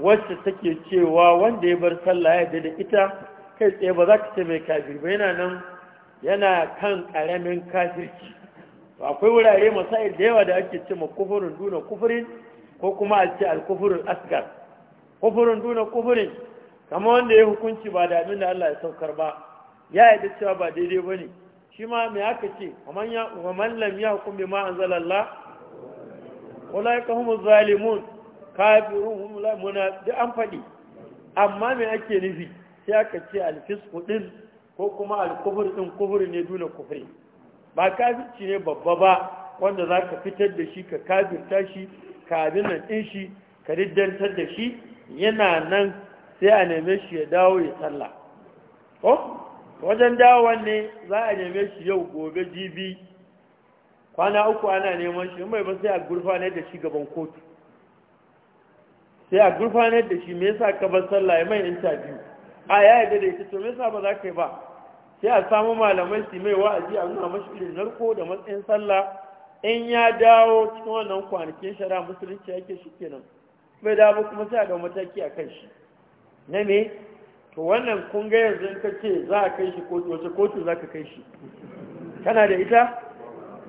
wacce take cewa wanda ya bar sallah ya da ita kai tsaye ba za ka ce mai kafir ba yana nan yana kan ƙaramin kafirci akwai wurare masai da yawa da ake ce ma kufurin duna kufurin ko kuma a alkufurin asgar kufurin duna kufurin kama wanda ya hukunci ba da abin da Allah ya saukar ba ya yi da cewa ba daidai ba ne shi ma mai aka ce wa mallam ya hukumbe ma an zalalla wala ya kahu zalimun kafirun muna duk an faɗi amma mai ake nufi sai aka ce alfis kuɗin? ko kuma alkufur din kufuri ne duna kufuri ba kafirci ne babba ba wanda za ka fitar da shi ka kafirta shi ka abin din shi ka riddantar da shi yana nan sai a neme shi ya dawo ya tsalla ko wajen dawowar ne za a neme shi yau gobe jibi kwana uku ana neman shi mai ba sai a gurfanar da shi gaban kotu sai a gurfanar da shi me yasa ka bar sallah ya mai interview a ya yarda da ita to me yasa ba za ka yi ba sai a samu malaman su mai wa'azi a nuna mashi irin narko da matsayin sallah in ya dawo cikin wannan kwanakin shara musulunci yake shi kenan bai dawo kuma sai a ga mataki a kan shi na me to wannan kun ga yanzu ka ce za a kai shi kotu wace kotu za ka kai shi kana da ita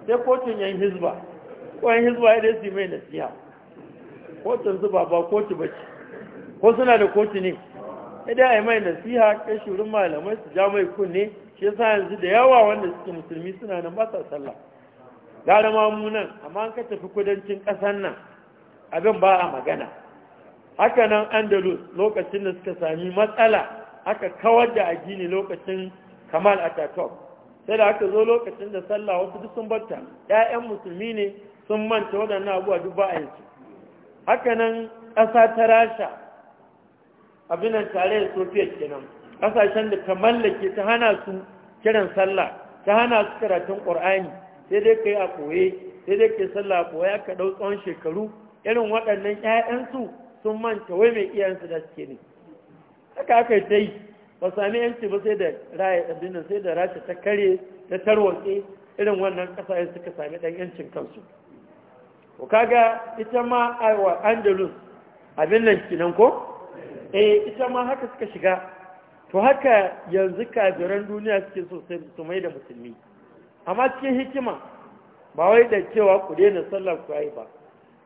sai kotun yan hizba ko yan hizba ya dai su mai nasiha kotun su ba ba kotu ba ce ko suna da kotu ne ya dai a mai nasiha kai shirin malamai su ja mai kunne shi yasa yanzu da yawa wanda suke musulmi suna nan ba sa sallah gara ma mu nan amma an ka tafi kudancin ƙasar nan abin ba a magana haka nan andalus lokacin da suka sami matsala aka kawar da addini lokacin kamal ataturk sai da aka zo lokacin da sallah wasu duk sun 'ya'yan musulmi ne sun manta waɗannan abubuwa duk ba a yanzu haka nan ƙasa ta rasha abinan tare da soviet kenan kasashen da ta mallake ta hana su kiran sallah ta hana su karatun ƙur'ani sai dai kai a koye sai dai kai sallah a koye aka tsawon shekaru irin waɗannan ƴaƴansu sun manta wai mai iyayensu da suke ne haka aka yi ta yi ba sami yanci ba sai da raya abinan sai da rasha ta kare ta tarwatse irin wannan ƙasashen suka sami ɗan yancin kansu ko kaga ita ma aiwa andalus abin nan kinan ko eh ita ma haka suka shiga to haka yanzu kafiran duniya suke so sai su mai da musulmi amma cikin hikima ba wai da cewa ku daina sallar ku ba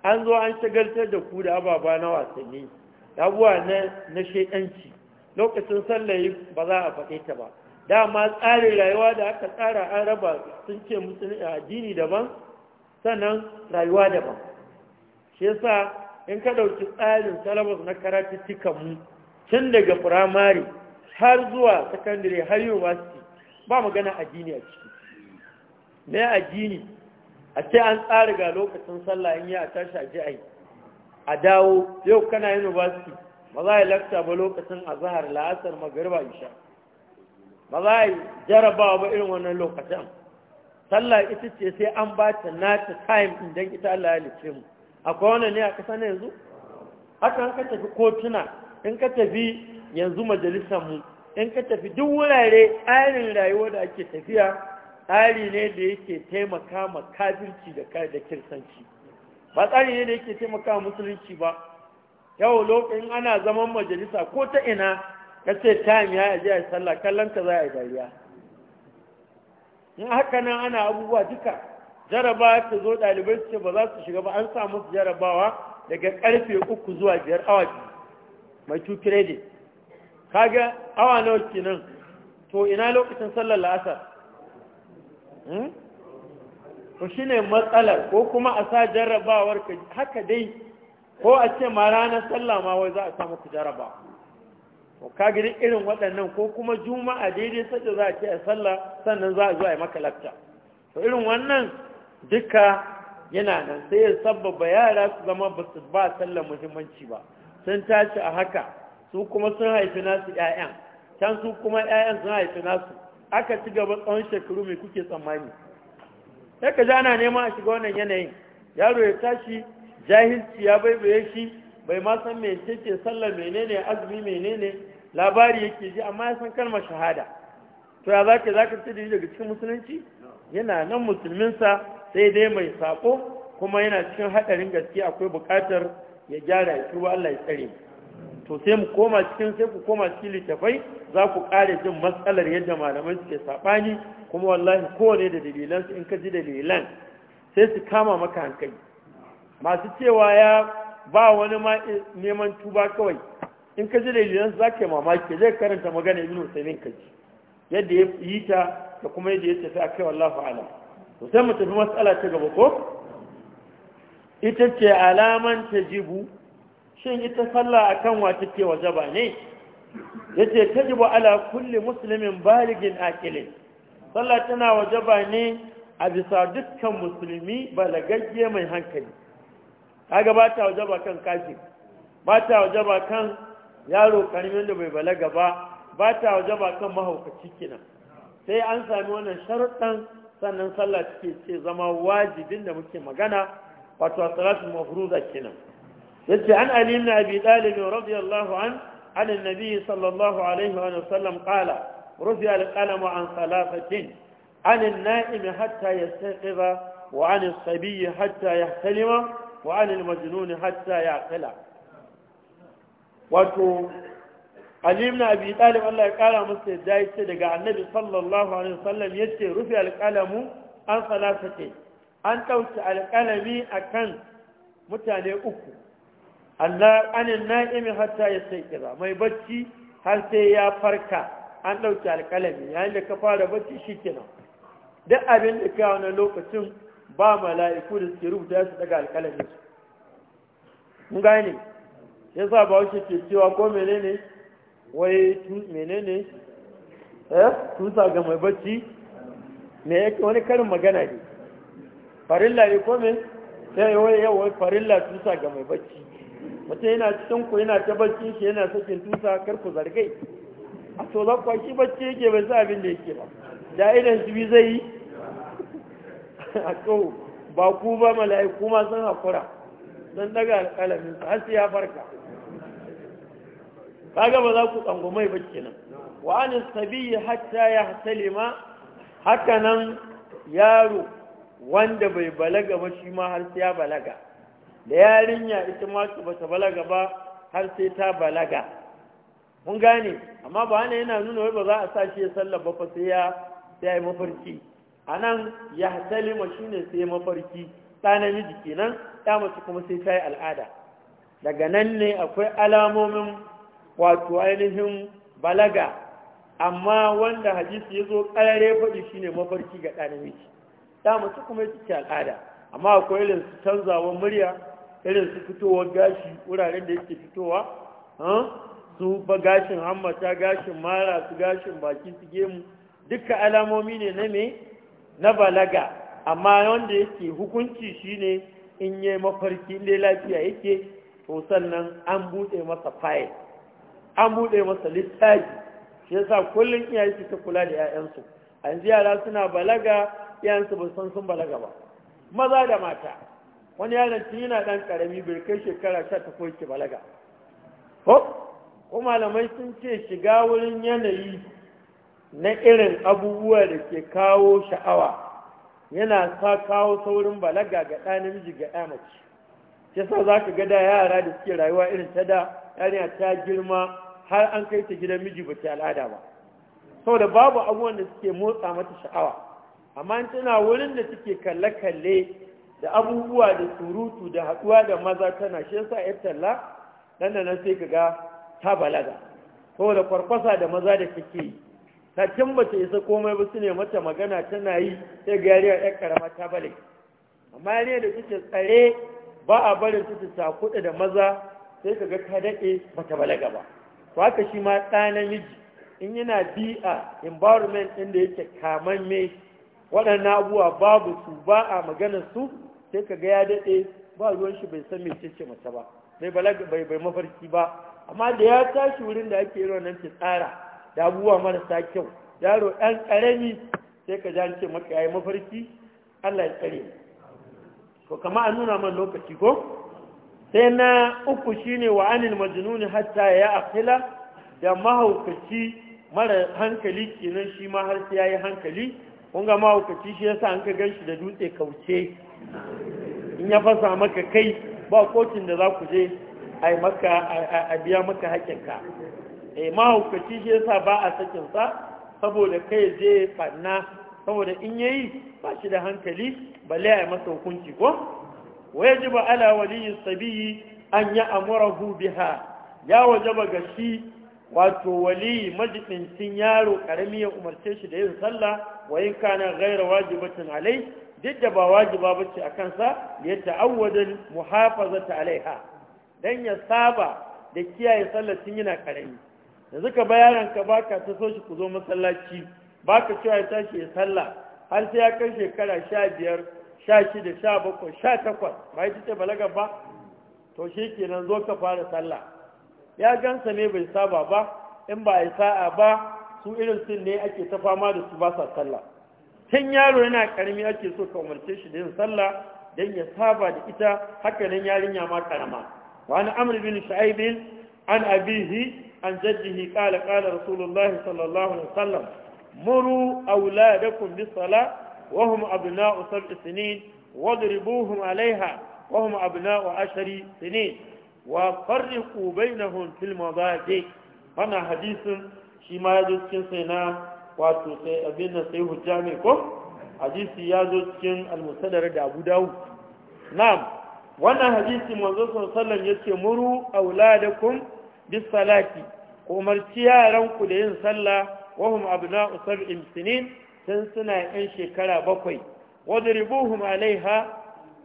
an zo an shagaltar da ku da ababa na wasanni da abuwa na na shedanci lokacin yi ba za a faɗe ta ba dama tsarin rayuwa da aka tsara an raba sun ce musulmi addini daban sannan rayuwa daban shi yasa in ka ɗauki tsarin salabas na mu tun daga firamare har zuwa sakandare har university ba magana a jini a ciki me jini? a ce an tsara ga lokacin sallah in yi a tashi a ji'ai a dawo yau kana university ba za a yi lakta ba lokacin azahar la'asar magariba isha ba za a yi jarabawa ba irin wannan lokacin sallah ita ce sai an ba ta nata time in don ita Allah ya lice mu akwai wannan ne a ƙasa na yanzu haka an ka tafi kotuna in ka tafi yanzu majalisar mu in ka tafi duk wurare tsarin rayuwa da ake tafiya tsari ne da yake taimaka ma kafirci da da kirsanci ba tsari ne da yake taimaka musulunci ba yau lokacin ana zaman majalisa ko ta ina ka ce time ya aje a sallah kallon ka za a yi dariya in haka nan ana abubuwa duka jaraba ta zo ɗalibai su ce ba za su shiga ba an samu su jarabawa daga karfe uku zuwa biyar awa biyu mai two credit kaga awa nawa kenan to ina lokacin sallar la'asar hmm? to shine matsalar ko kuma a sa jarabawar ka haka dai ko a ce ma ranar sallah ma wai za a sa muku jaraba to kaga dai irin waɗannan ko kuma juma'a daidai sadda za a ce a sallah sannan za a zo a yi maka lafta to irin wannan duka yana nan sai ya sabbaba yara su zama ba su ba sallar muhimmanci ba sun tashi a haka su kuma sun haifi nasu 'ya'yan can su kuma 'ya'yan sun haifi nasu aka ci gaba tsawon shekaru mai kuke tsammani sai ka ana nema a shiga wannan yanayin yaro ya tashi jahilci ya baibaye shi bai ma san me ce sallar menene azumi menene labari yake ji amma ya san kalmar shahada to ya zaka zaka ci daga cikin musulunci yana nan musulminsa sai dai mai sako kuma yana cikin haɗarin gaske akwai buƙatar ya gyara ya tuba Allah ya tsare to sai mu koma cikin sai ku koma cikin littafai za ku kare jin matsalar yadda malaman suke saɓani kuma wallahi kowane da dalilan su in ka ji dalilan sai su kama maka hankali masu cewa ya ba wani ma neman tuba kawai in ka ji dalilan su za ka yi mamaki zai karanta magana ibn ka ji yadda ya yi ta da kuma yadda ya tafi a kai wallahu alam to sai mu tafi matsala ta gaba ko ita ce alaman ta jibu shin ita sallah akan wa take wajaba ne yace jibu ala kulli musulmin baligin aqilin sallah tana wajaba ne a bisa dukkan musulmi balagagge mai hankali kaga ba ta wajaba kan kafin. ba ta wajaba kan yaro karimin da bai balaga ba ba ta wajaba kan mahaukaci kina sai an sami wannan sharuɗan sannan sallah take ce zama wajibin da muke magana wato salatu mafruza kenan yace an ali ibn abi talib radiyallahu an an annabi sallallahu alaihi wa sallam qala rufi al-qalamu an salasatin an an-na'im hatta yastaqiza wa an as-sabiy hatta yahtalima wa an al-majnun hatta yaqila wato Ali ibn Abi Talib Allah ya kara masa yadda ya ce daga Annabi sallallahu alaihi wasallam yace rufi alqalamu an salasati an dauki alqalami akan mutane uku Allah anin na'imi hatta ya sai kira mai bacci har sai ya farka an dauki alqalami yayin da ka fara bacci shikenan duk abin da ka wani lokacin ba mala'iku da suke rubuta su daga alqalami mun gane yasa ba wuce cewa ko menene wai menene eh tusa ga mai bacci me yake wani karin magana ne farilla ne ko me sai eh, wai yawa farilla tusa ga mai bacci mutum yana cikin ku yana ta bacci shi yana sakin tusa kar ku zargai a to za ku shi bacci yake bai sa abin da yake ba da idan su bi zai yi a to ba ku ba mala'iku ma sun hakura don daga alƙalamin har sai ya farka kaga ba za ku mai ba kenan wa an sabiyi hatta ya salima haka nan yaro wanda bai balaga ba shi ma har sai ya balaga da yarinya ita ma su ba ta balaga ba har sai ta balaga mun gane amma ba hana yana nuna wai ba za a sa shi ya sallar ba fa sai ya sai ya mafarki anan ya salima ne sai mafarki ɗa miji kenan ɗa mace kuma sai ta yi al'ada daga nan ne akwai alamomin wato ainihin balaga amma wanda hadisi ya zo ƙarare faɗi shine mafarki ga ɗanamiki da mace kuma yake al'ada amma akwai irin su canzawar murya irin su fitowar gashi wuraren da yake fitowa eh, su ba gashin hammata gashin mara su gashin baki su gemu duka alamomi ne na me na balaga amma wanda yake hukunci shine in yi mafarki inda lafiya yake to sannan an buɗe masa fayil an buɗe masa littafi shi yasa kullum iyaye su ta kula da 'ya'yansu a yanzu yara suna balaga iyayensu ba san sun balaga ba maza da mata wani yaron tun yana ɗan karami bai kai shekara sha ta balaga ko ko malamai sun ce shiga wurin yanayi na irin abubuwa da ke kawo sha'awa yana sa kawo saurin balaga ga ɗa namiji ga ɗa mace shi yasa za ka ga da yara da suke rayuwa irin ta da ƙarya ta girma har an kai ta gidan miji ba ta al'ada ba saboda babu abubuwan da suke motsa mata sha'awa amma in tana wurin da suke kalle-kalle da abubuwa da surutu da haɗuwa da maza tana shi yasa ya talla nan da nan sai ka ga ta balaga saboda kwarkwasa da maza da kake yi ta bata isa komai ba su ne mata magana tana yi sai ga yariya ƴar karama ta bale amma yariya da suke tsare ba a barin su ta kuɗa da maza sai ka ga ta daɗe ba ta balaga ba to haka shi ma ɗa namiji in yana bi a environment ɗin da yake kaman me waɗannan abubuwa babu su ba a maganar su sai ka ga ya daɗe ba ruwan shi bai san mecece mace ba bai balaga bai bai mafarki ba amma da ya tashi wurin da ake irin nan tsara da abubuwa marasa kyau yaro ɗan ƙarami sai ka ja ce maka yayi mafarki Allah ya tsare to kama an nuna man lokaci ko sai na uku shine wa anil majnun hatta ya akila da mahaukaci mara hankali kenan shi ma har sai yayi hankali kun ga mahaukaci shi yasa an ka ganshi da dutse kauce in ya fasa maka kai ba kotun da za ku je a maka a biya maka hakinka eh mahaukaci shi yasa ba a sakin sa saboda kai je fanna saboda in yayi ba shi da hankali balle a yi masa hukunci ko ويجب على ولي الصبي أن يأمره بها يا ga shi wato wali majibincin yaro karami ya umarce shi da yin sallah wa in kana ghaira wajibatin alai duk da ba wajiba bace a kansa ya ta'awwadin muhafazata alaiha dan ya saba da kiyaye sallah tun yana karami yanzu ka bayaran ka baka ta so shi ku zo masallaci baka cewa ya tashi ya sallah har sai ya kai shekara sha biyar sha shida sha bakwai sha takwas ba ita ce balaga ba to shi kenan zo ka fara sallah ya gansa ne bai saba ba in ba a yi sa'a ba su irin sun ne ake ta fama da su ba sa sallah tun yaro yana karami ake so ka umarce shi da yin sallah don ya saba da ita haka nan yarinya ma karama wa an amr bin Shu'aibin an abihi an jaddihi qala qala rasulullahi sallallahu alaihi wasallam muru auladakum bis salah وهم أبناء سبع سنين واضربوهم عليها وهم أبناء عشر سنين وفرقوا بينهم في المضاجع وانا حديث شما يدوز كن سينا واتو سي أبينا سيه الجامع كم حديث يدوز كن المسدر أبو داود نعم وانا حديث منذ صلى الله عليه وسلم يتمروا أولادكم بالصلاة umarci yaranku da yin sallah wahum abna'u sab'in sinin tun suna yan shekara bakwai wadda ribuhum alaiha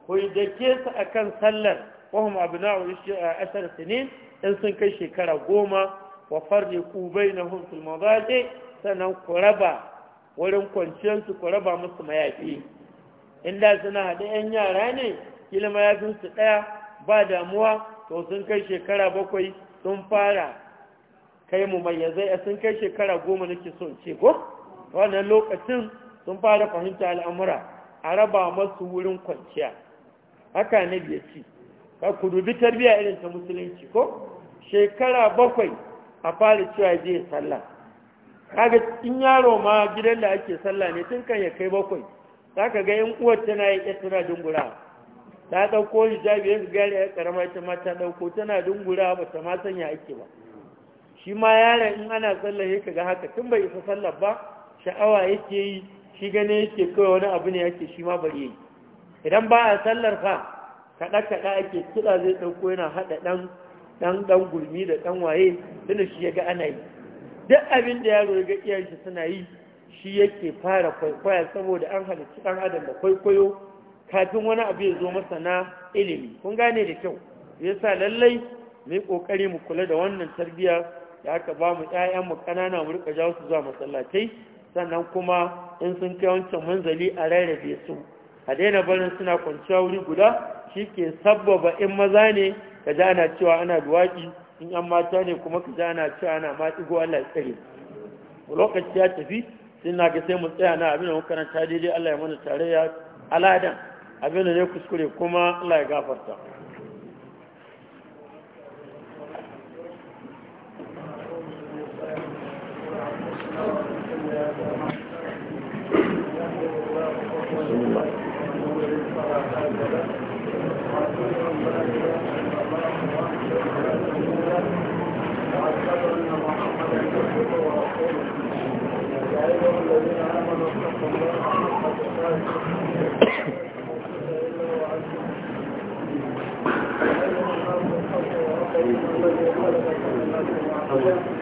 ku dake su a kan sallar wahum abu na ashar sini in sun kai shekara goma wa farni ku bai na hunsul mazaje sannan ku raba wurin kwanciyarsu ku raba musu mayafi inda suna haɗe yan yara ne kila su ɗaya ba damuwa to sun kai shekara bakwai sun fara kai mu mai a sun kai shekara goma nake son ce ko wannan lokacin sun fara fahimta al'amura a raba masu wurin kwanciya haka na biya ci ka ku dubi tarbiyya irin ta musulunci ko shekara bakwai a fara cewa je sallah kaga in yaro ma gidan da ake sallah ne tun kan ya kai bakwai zaka ga yan uwar tana yi tana dungura ta ɗauko hijabi yanzu gari ya karama ita ma ta dauko tana dungura ba ta ma sanya ake ba shi ma yaron in ana sallah yake ga haka tun bai isa sallah ba sha'awa yake yi shi gane yake kawai wani abu ne yake shi ma bari yi idan ba a sallar fa kaɗa-kaɗa ake kiɗa zai ɗauko yana haɗa ɗan ɗan ɗan gulmi da ɗan waye tunda shi ya ga ana yi duk abin da yaro ya ga shi suna yi shi yake fara kwaikwaya saboda an halicci ɗan adam da kwaikwayo kafin wani abu ya zo masa na ilimi kun gane da kyau yasa lallai mai ƙoƙari mu kula da wannan tarbiyya da aka ba mu ƴaƴanmu ƙanana mu rika jawo su zuwa masallatai sannan kuma in sun kai wancan munzali a rarrabe su a daina barin suna kwanciya wuri guda shi ke sabbaba in maza ne ka ji ana cewa ana duwaki in an mata ne kuma ka ji ana cewa ana matsigo Allah ya tsare lokaci ya tafi sun na ga sai mu tsaya na abin da muka karanta daidai Allah ya mana tarayya aladan abin da ne kuskure kuma Allah ya gafarta Thank you.